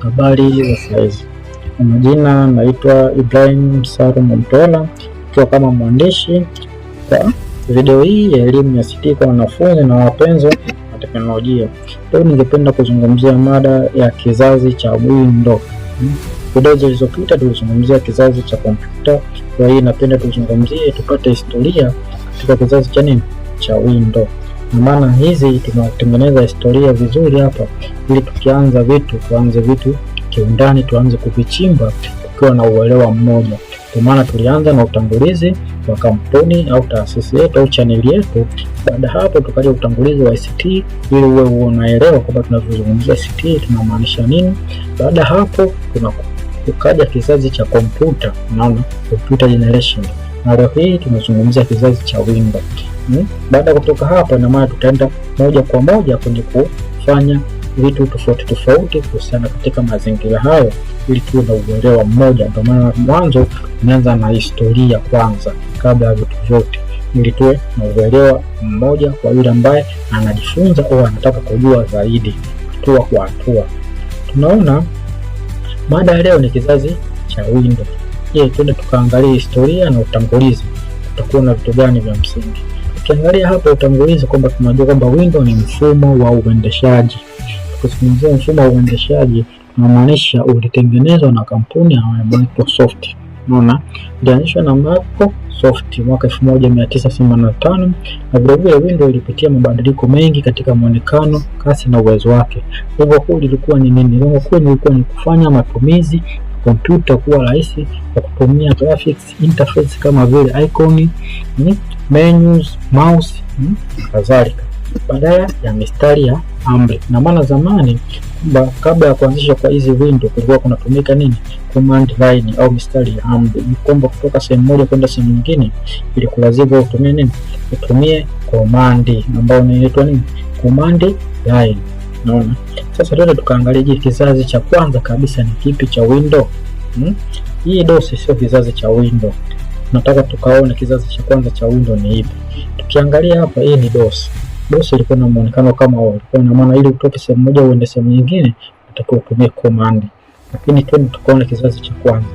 Habari za saizi, kwa majina naitwa Ibrahim saru Mtola, ikiwa kama mwandishi kwa video hii ya elimu ya CT kwa wanafunzi na wapenzi wa teknolojia. Leo ningependa kuzungumzia mada ya kizazi cha Windows. Video zilizopita tulizungumzia kizazi cha kompyuta, kwa hiyo napenda tuzungumzie, tupate historia katika kizazi cha nini cha Windows maana hizi tunatengeneza historia vizuri hapa, ili tukianza vitu tuanze vitu kiundani, tuanze kuvichimba tukiwa na uelewa mmoja. Kwa maana tulianza na utangulizi wa kampuni au taasisi yetu au chaneli yetu. Baada hapo, tukaja utangulizi wa ICT ili uwe unaelewa kwamba tunavyozungumzia ICT tunamaanisha nini. Baada hapo, tukaja kizazi cha kompyuta, unaona computer generation, na leo hii tunazungumzia kizazi cha Windows. Hmm? Baada ya kutoka hapa, ina maana tutaenda moja kwa moja kwenye kufanya vitu tofauti tofauti kuhusiana katika mazingira hayo ili tuwe na uelewa mmoja. Ndio maana mwanzo tumeanza na historia kwanza kabla ya vitu vyote, ili tuwe na uelewa mmoja kwa yule ambaye anajifunza au anataka kujua zaidi, hatua kwa hatua. Tunaona mada ya leo ni kizazi cha Windows. Je, tuende tukaangalia historia na utangulizi, tutakuwa na vitu gani vya msingi? Ukiangalia hapa utanguliza kwamba tunajua kwamba window ni mfumo wa uendeshaji. Tukizungumzia mfumo wa uendeshaji tunamaanisha ulitengenezwa na kampuni ya Microsoft. Unaona, ilianzishwa na Microsoft mwaka 1985 na vilevile Windows ilipitia mabadiliko mengi katika mwonekano, kasi na uwezo wake. Lengo kuu lilikuwa ni nini? Lengo kuu lilikuwa ni kufanya matumizi kompyuta kuwa rahisi kwa kutumia graphics interface kama vile icon, hmm, menus, mouse hmm, kadhalika, badala ya mistari ya amri. Na maana zamani kwamba kabla ya kuanzishwa kwa hizi window kulikuwa kunatumika nini, command line au mistari ya amri, mkombo kutoka sehemu moja kwenda sehemu nyingine, ili kulazimwa utumie nini, utumie komandi ambayo inaitwa nini, command line. Unaona, sasa tuende tukaangalia, je, kizazi cha kwanza kabisa ni kipi cha window hmm? Hii DOS sio kizazi cha window. Nataka tukaone kizazi cha kwanza cha window ni ipi. Tukiangalia hapa, hii ni DOS. DOS ilikuwa na muonekano kama huo, ilikuwa na maana ili utoke sehemu moja uende sehemu nyingine utakiwa utumie command, lakini twende tukaone kizazi cha kwanza.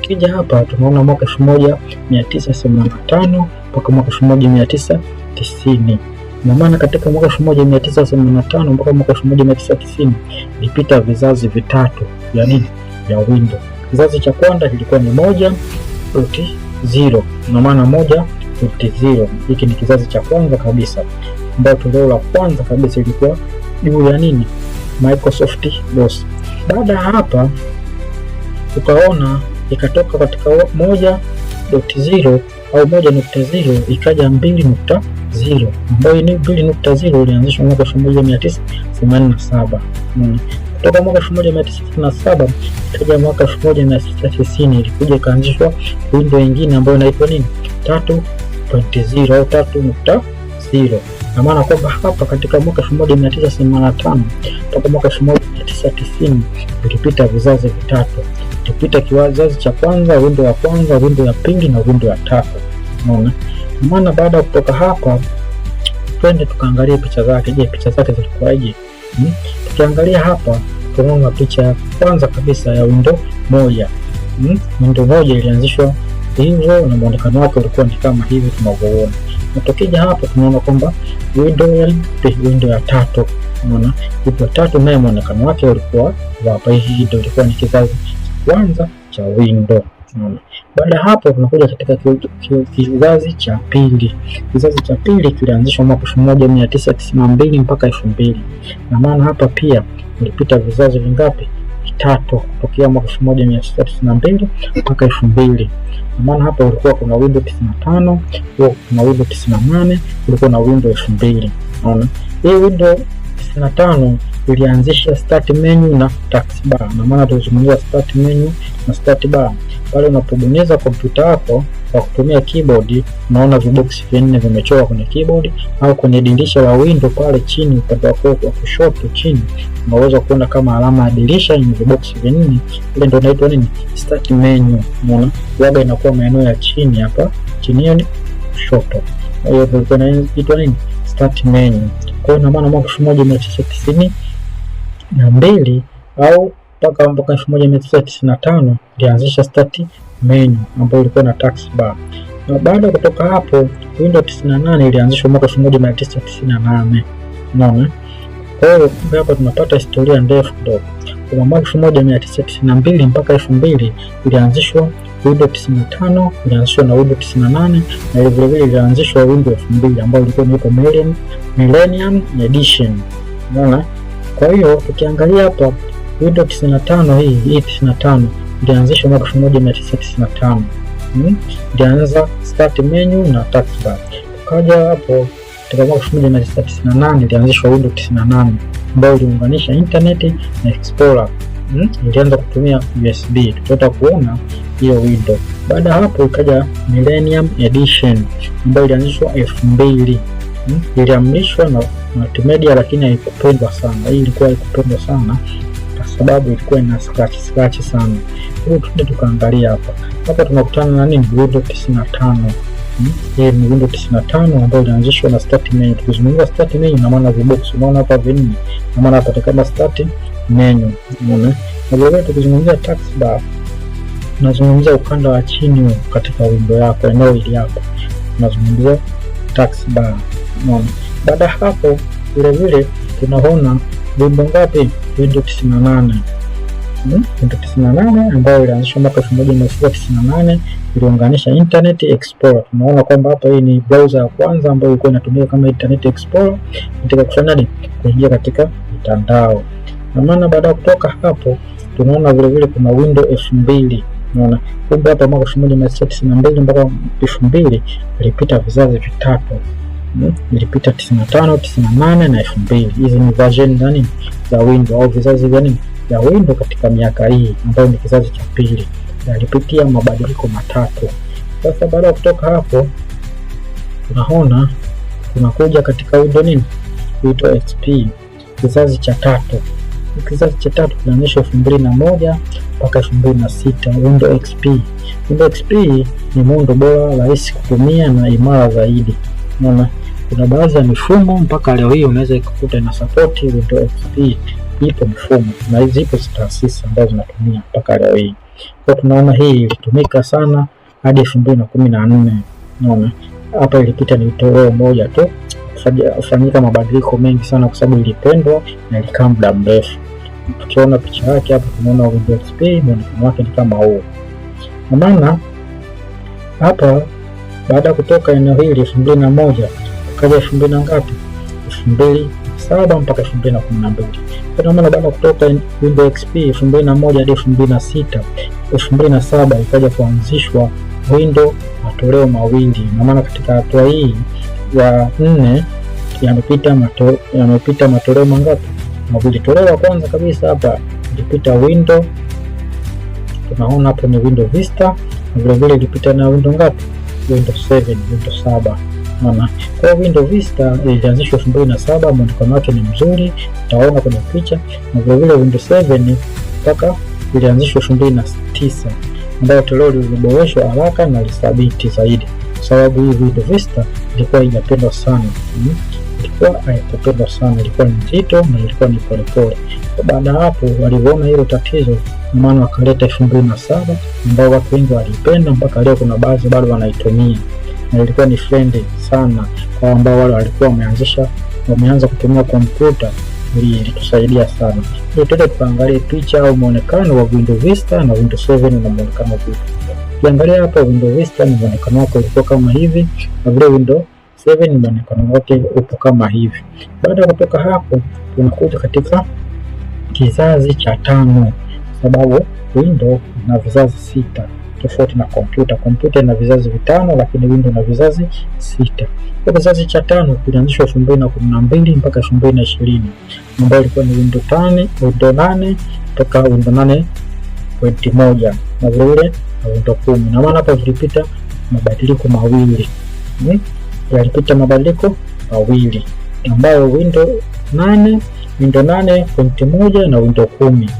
Tukija hapa tunaona mwaka 1985 mpaka mwaka 1990 ndio maana katika mwaka 1985 mpaka mwaka 1990 lipita vizazi vitatu vya nini vya Windows. Kizazi cha kwanza kilikuwa ni moja doti zero, ndio maana moja doti zero hiki ni kizazi cha kwanza kabisa, ambayo toleo la kwanza kabisa ilikuwa juu ya nini Microsoft DOS. Baada ya hapa tukaona ikatoka katika moja doti zero au moja nukta zero ikaja mbili nukta zero ambayo mbili nukta ilianzishwa mwaka 1987 mm. Kutoka mwaka 1967 ikaja mwaka 1990 ilikuja ikaanzishwa windo nyingine ambayo inaitwa nini 3.0 au 3.0 na maana kwamba hapa katika mwaka 1985 mpaka mwaka 1990 vizazi vitatu, ilipita kizazi cha kwanza, windo ya kwanza, windo ya pili na windo ya tatu. Unaona? maana baada ya kutoka hapa twende tukaangalia picha zake. Je, picha zake zilikuwaje? Hmm? Tukiangalia hapa tunaona picha ya kwanza kabisa ya windo moja. Hmm? Windo moja ilianzishwa hivyo na muonekano wake ulikuwa ni kama hivi tunavyoona, na tukija hapa tunaona kwamba window ya window ya tatu unaona ipo tatu, naye muonekano wake ulikuwa hapa. Hii ndio ilikuwa ni kizazi cha kwanza cha windo tunaona. Baada ya hapo tunakuja katika kizazi cha pili. Kizazi cha pili kilianzishwa mwaka 1992 mpaka 2000. Na maana hapa pia ulipita vizazi vingapi? Vitatu kutokea mwaka 1992 mpaka 2000. Na maana hapa ulikuwa kuna Windows 95, huo kuna Windows 98, ulikuwa na Windows 2000. naona Hii Windows 95 tulianzisha start menu na task bar, na maana tulizungumzia start menu na start bar. Pale unapobonyeza kompyuta yako kwa kutumia keyboard, unaona viboksi vinne vimechoka kwenye keyboard au kwenye dirisha la window pale chini upande wako wa kushoto chini, unaweza kuona kama alama ya dirisha yenye viboksi vinne, ile ndio inaitwa nini, start menu. Unaona labda inakuwa maeneo ya chini hapa chini, hiyo ni kushoto, kwa hiyo inaitwa nini, start menu. Kwa hiyo na maana mwaka 1990 na mbili au mpaka mwaka 1995 ilianzisha start menu ambayo ilikuwa na tax bar, na baada ya kutoka hapo Windows 98 ilianzishwa mwaka 1998. Unaona, kwa hiyo hapa tunapata historia ndefu kidogo. Kwa mwaka 1992 mpaka 2000 ilianzishwa Windows 95, ilianzishwa na Windows 98 na vile vile ilianzishwa Windows 2000 ambayo ilikuwa inaitwa Millennium Edition. Unaona? Kwa hiyo ukiangalia hapa Windows 95 hii hii 95 ilianzishwa mwaka 1995 hmm? ilianza start menu na taskbar. Ukaja hapo katika mwaka 1998 ilianzishwa Windows 98 ambayo iliunganisha internet na Explorer hmm? ilianza kutumia USB, tutaweza kuona hiyo Windows. Baada ya hapo ikaja Millennium Edition ambayo ilianzishwa 2000 iliamrishwa na multimedia, lakini haikupendwa sana. Hii ilikuwa haikupendwa sana kwa sababu ilikuwa ina scratch scratch sana. Hebu tuende tukaangalia hapa hapa, tunakutana na nini? Windows 95 hmm? hii ni Windows 95 ambayo ilianzishwa na start menu. Tukizungumza start menu, na maana vibox, unaona hapa vinne, na maana hapa kama start menu, unaona. Na vile tukizungumzia taskbar, tunazungumzia ukanda wa chini katika window yako, eneo hili yako, tunazungumzia taskbar moja. Baada ya hapo vilevile tunaona wimbo ngapi? Wimbo tisini na nane hmm? Wimbo tisini na nane ambayo ilianzishwa mwaka elfu moja mia tisa tisini na nane iliunganisha Internet Explorer. Tunaona kwamba hapa hii ni browser ya kwanza ambayo ilikuwa inatumika kama Internet Explorer katika kufanya nini? Kuingia katika mtandao. Na maana baada ya kutoka hapo tunaona vile vile kuna Windows elfu mbili Unaona, kumbe hapa mwaka elfu moja mia tisa tisini na mbili mpaka elfu mbili ilipita vizazi vitatu. Nilipita 95, 98 na 2000. Hizi ni version nani za Windows au vizazi vya nini vya Windows katika miaka hii ambayo ni kizazi cha pili, nalipitia mabadiliko matatu. Sasa baada ya kutoka hapo, tunaona tunakuja katika Windows nini huitwa XP kizazi cha tatu. Kizazi cha tatu kinaonyesha 2001 mpaka 2006 mbili Windows XP. Windows XP ni muundo bora, rahisi kutumia na imara zaidi. Unaona, kuna baadhi ya mifumo mpaka leo hii unaweza kukuta na support Windows XP, ipo mifumo na zipo taasisi ambazo zinatumia mpaka leo hii. Kwa tunaona hii ilitumika sana hadi 2014. Unaona hapa ilipita ni toleo moja tu, kufanyika mabadiliko mengi sana, kwa sababu ilipendwa na ilikaa muda mrefu. Tukiona picha yake hapa, tunaona Windows XP muonekano wake ni kama huu, maana hapa baada ya kutoka eneo hili elfu mbili na moja kaja elfu mbili na ngapi, elfu mbili saba mpaka elfu mbili na kumi na mbili Ndio maana baada ya kutoka Windows XP elfu mbili na moja hadi elfu mbili na sita elfu mbili na saba ikaja kuanzishwa Windows matoleo mawili, na maana katika hatua hii ya nne yamepita matoleo yamepita matoleo mangapi? Mawili. Toleo la kwanza kabisa hapa ilipita Windows, tunaona hapo ni Windows Vista, na vile ilipita na Windows ngapi? Windows 7, Windows 7. Unaona? Kwa Windows Vista ilianzishwa na saba. muonekano wake ni mzuri, utaona kwenye picha. Na vile vile Windows 7 mpaka ilianzishwa na tisa ambayo toleo liliboreshwa haraka na lisabiti zaidi, sababu hii Windows Vista ilikuwa haijapendwa sana, hmm? ilikuwa haijapendwa sana, ilikuwa ni nzito na ilikuwa ni polepole. Baada ya hapo walivyoona hilo tatizo, maana wakaleta elfu mbili na saba ambao watu wengi walipenda mpaka leo, kuna baadhi bado wanaitumia, na ilikuwa ni frendi sana kwa ambao wale walikuwa wameanzisha wameanza kutumia kompyuta, ilitusaidia sana. Ili tuende tukaangalie picha au muonekano wa Windows Vista na Windows 7 na muonekano wa Ukiangalia hapa Windows Vista ni muonekano wake ulikuwa kama hivi, na vile Windows 7 ni muonekano wake upo kama hivi. Baada ya kutoka hapo, tunakuja katika kizazi cha tano, sababu Windows ina vizazi sita tofauti na kompyuta. Kompyuta ina vizazi vitano, lakini Windows ina vizazi sita. Kwa kizazi cha tano kilianzishwa 2012 mpaka 2020 ambayo ilikuwa ni Windows 8, Windows nane toka Windows nane pointi moja na vilevile na Windows 10, na maana hapa vilipita mabadiliko mawili hmm? yalipita mabadiliko mawili ambayo Windows nane window nane pointi moja na window kumi.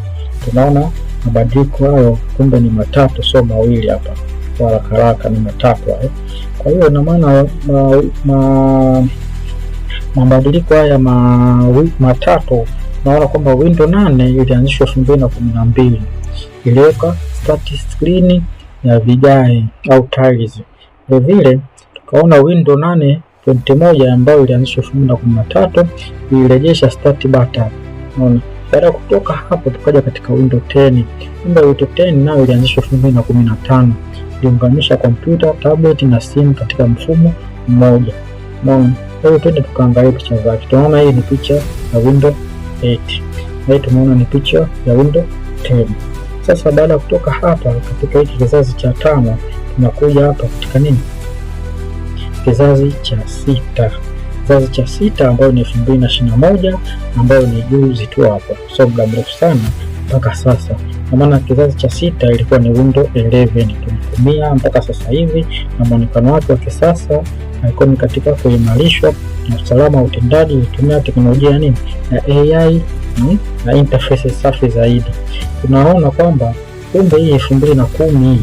Tunaona mabadiliko hayo kumbe ni matatu, sio mawili hapa kwa haraka haraka, ni matatu hayo. Kwa hiyo ina maana mabadiliko haya matatu naona kwamba window nane ilianzishwa 2012 iliweka start screen ya vigae au tiles. Vilevile tukaona window nane pointi moja ambayo ilianzishwa elfu mbili na kumi na tatu ilirejesha start button. Unaona, baada ya kutoka hapo tukaja katika Windows 10. Windows 10 nayo ilianzishwa elfu mbili na kumi na tano iliunganisha kompyuta, tablet na simu katika mfumo mmoja. Unaona, leo twende tukaangalia picha zake. Tunaona hii ni picha ya Windows 8 na tumeona ni picha ya Windows 10. Sasa baada ya kutoka hapa katika hiki kizazi cha tano tunakuja hapa katika nini kizazi cha sita kizazi cha sita ambayo ni elfu mbili na ishirini na moja ambayo ni juzi tu hapo, so muda mrefu sana mpaka sasa. Kwa maana kizazi cha sita ilikuwa ni Windows 11 tumetumia mpaka sasa hivi, na mwonekano wake wa kisasa alikuwa ni katika kuimarishwa na usalama wa utendaji ulitumia teknolojia nini ya AI hmm, na interface safi zaidi. Tunaona kwamba kumbe hii elfu mbili na kumi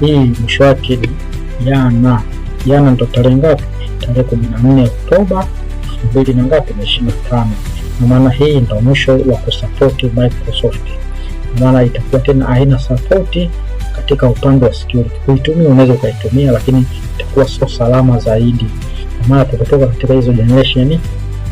hii mwisho wake jana jana ndo tarehe ngapi? Tarehe kumi na nne Oktoba elfu mbili na ngapi na ishirini na tano na maana hii ndo mwisho wa kusapoti Microsoft, maana itakuwa tena aina sapoti katika upande wa security. Kuitumia unaweza ukaitumia, lakini itakuwa sio salama zaidi, maana tutatoka katika hizo generation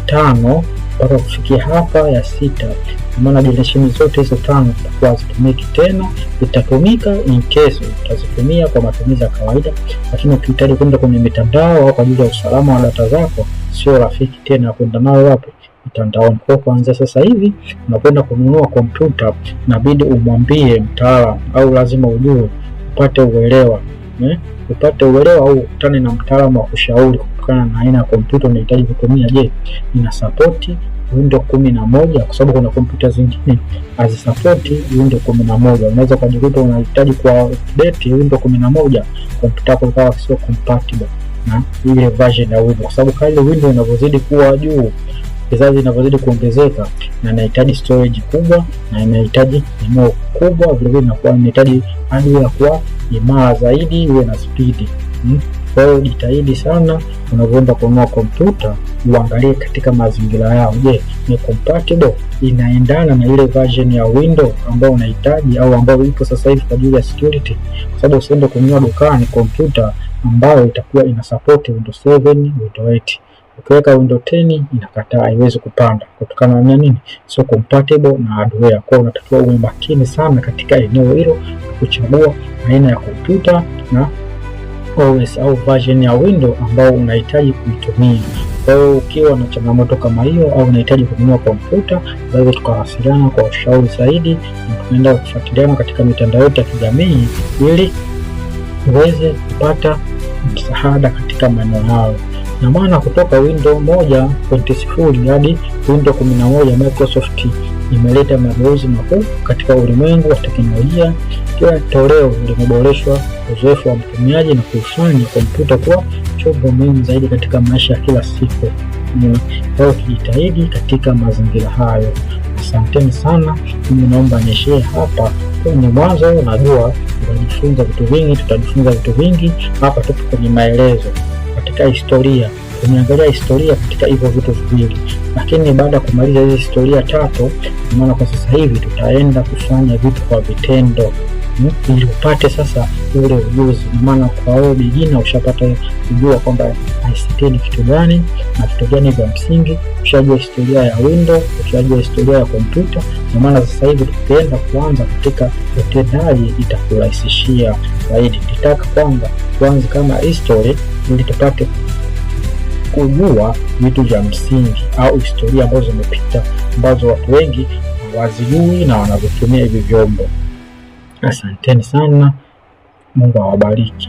tano mpaka kufikia hapa ya sita, kwa maana dilesheni zote hizo tano zitakuwa zitumiki tena, zitatumika in case utazitumia kwa matumizi ya kawaida, lakini ukihitaji kwenda kwenye mitandao au kwa ajili ya usalama wa data zako, sio rafiki tena kwenda nayo wapi mtandaoni. Kwa kuanzia sasa hivi unakwenda kununua kompyuta, inabidi umwambie mtaalamu au lazima ujue upate uelewa eh, upate uelewa au ukutane na mtaalamu wa ushauri kutokana na aina ya kompyuta unahitaji kutumia. Je, ina support Windows kumi na moja? Kwa sababu kuna kompyuta zingine hazisapoti Windows kumi na moja. Unaweza kujikuta unahitaji kwa update Windows kumi na moja, kompyuta yako ikawa sio compatible na ile version ya Windows, kwa sababu kadri Windows inavyozidi kuwa juu kizazi inavyozidi kuongezeka na inahitaji storage kubwa na inahitaji eneo kubwa, vilevile inakuwa inahitaji hardware kuwa imara zaidi, iwe na spidi hmm. Kwa hiyo jitahidi sana unavyoenda kununua kompyuta uangalie katika mazingira yao. Je, ni compatible, inaendana na ile version ya Windows ambayo unahitaji au ambayo ipo sasa hivi kwa ajili ya security, kwa sababu usiende kununua dukani kompyuta ambayo itakuwa ina support Windows 7, Windows 8. Ukiweka window 10 inakataa, haiwezi kupanda kutokana na nini? Sio compatible na hardware. Kwa unatakiwa uwe makini sana katika eneo hilo, kuchagua aina ya kompyuta na OS au version ya window ambao unahitaji kuitumia. Kwa hiyo ukiwa na changamoto kama hiyo au unahitaji kununua kompyuta, basi tukawasiliana kwa ushauri zaidi, na tunaenda kufuatiliana katika mitandao yote ya kijamii ili uweze kupata msaada katika maeneo hayo na maana kutoka Windows 1.0 hadi Windows 11, Microsoft imeleta mageuzi makuu katika ulimwengu wa teknolojia. Kila toleo limeboreshwa uzoefu wa mtumiaji na kufanya kompyuta kuwa chombo muhimu zaidi katika maisha ya kila siku. Ao kijitahidi katika mazingira hayo. Asanteni sana, mimi naomba niishie hapa. Ni mwanzo, najua tutajifunza vitu vingi, tutajifunza vitu vingi hapa, tupo kwenye maelezo katika historia, umeangalia historia katika hivyo vitu viwili, lakini baada ya kumaliza hizi historia tatu, maana kwa sasa hivi tutaenda kufanya vitu kwa vitendo, hmm? ili upate sasa ule ujuzi, maana kwa wewe bijina ushapata kujua kwamba ICT ni kitu gani na vitu gani vya msingi, ushajua historia ya Windows, ushajua historia ya kompyuta. Ndio maana sasa hivi tukienda kuanza katika utendaji itakurahisishia zaidi. Nitaka kwanza tuanze kama history, ili tupate kujua vitu vya msingi au historia ambazo zimepita ambazo watu wengi wazijui na wanavyotumia hivi vyombo. Asanteni sana. Mungu awabariki.